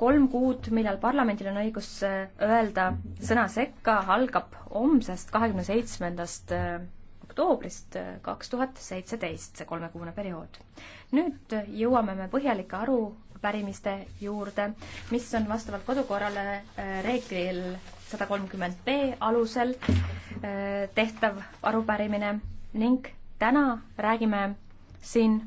kolm kuud, millal parlamendil on õigus äh, öelda sõna sekka, algab homsest, kahekümne seitsmendast äh, oktoobrist äh, kaks tuhat seitseteist, see kolmekuune periood. nüüd jõuame me põhjalike arupärimiste juurde, mis on vastavalt kodukorrale reeglil sada kolmkümmend B alusel tehtav arupärimine ning täna räägime siin